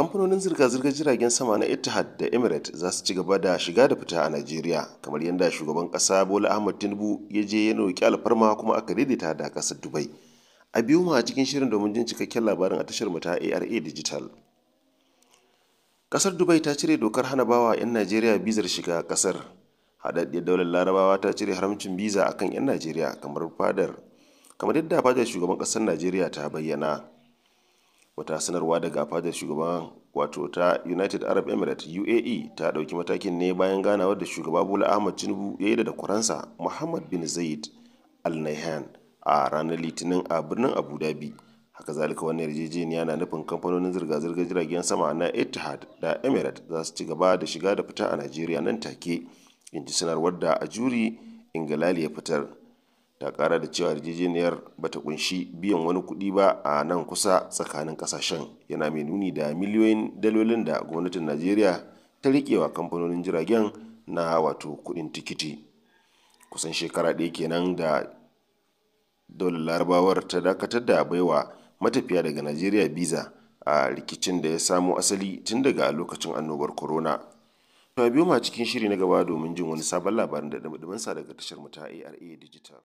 kamfanonin zirga-zirgar jiragen sama na Etihad da Emirates za su ci gaba da shiga da fita a Najeriya kamar yadda shugaban kasa Bola Ahmed Tinubu ya je ya roki alfarma kuma aka daidaita da ƙasar Dubai. A biyu ma a cikin shirin domin jin cikakken labarin a tashar ta ARA Digital. Ƙasar Dubai ta cire dokar hana bawa 'yan Najeriya bizar shiga ƙasar. Haɗaɗɗiyar daular Larabawa ta cire haramcin biza akan 'yan Najeriya kamar fadar kamar yadda fadar shugaban ƙasar Najeriya ta bayyana. wata sanarwa daga fadar shugaban wato ta united arab emirates uae ta ɗauki matakin ne bayan ganawar da shugaba bula ahmad tinubu ya yi da kuransa muhammad bin zaid al nahyan a ranar litinin a birnin abu dhabi haka zalika wani yarjejeniya na nufin kamfanonin zirga-zirgar jiragen sama na etihad da emirates za su ci gaba da shiga da fita a najeriya nan take in ji sanarwar da a juri ingilali ya fitar ta kara da cewa yarjejeniyar ba ta kunshi biyan wani kuɗi ba a nan kusa tsakanin kasashen yana mai nuni da miliyoyin dalolin da gwamnatin najeriya ta riƙewa kamfanonin jiragen na wato kuɗin tikiti kusan shekara ɗaya kenan da dole larabawar ta dakatar da baiwa matafiya daga najeriya biza a rikicin da ya samo asali tun daga lokacin annobar corona to biyu ma cikin shiri na gaba domin jin wani sabon labarin da daga tashar mu ta ara digital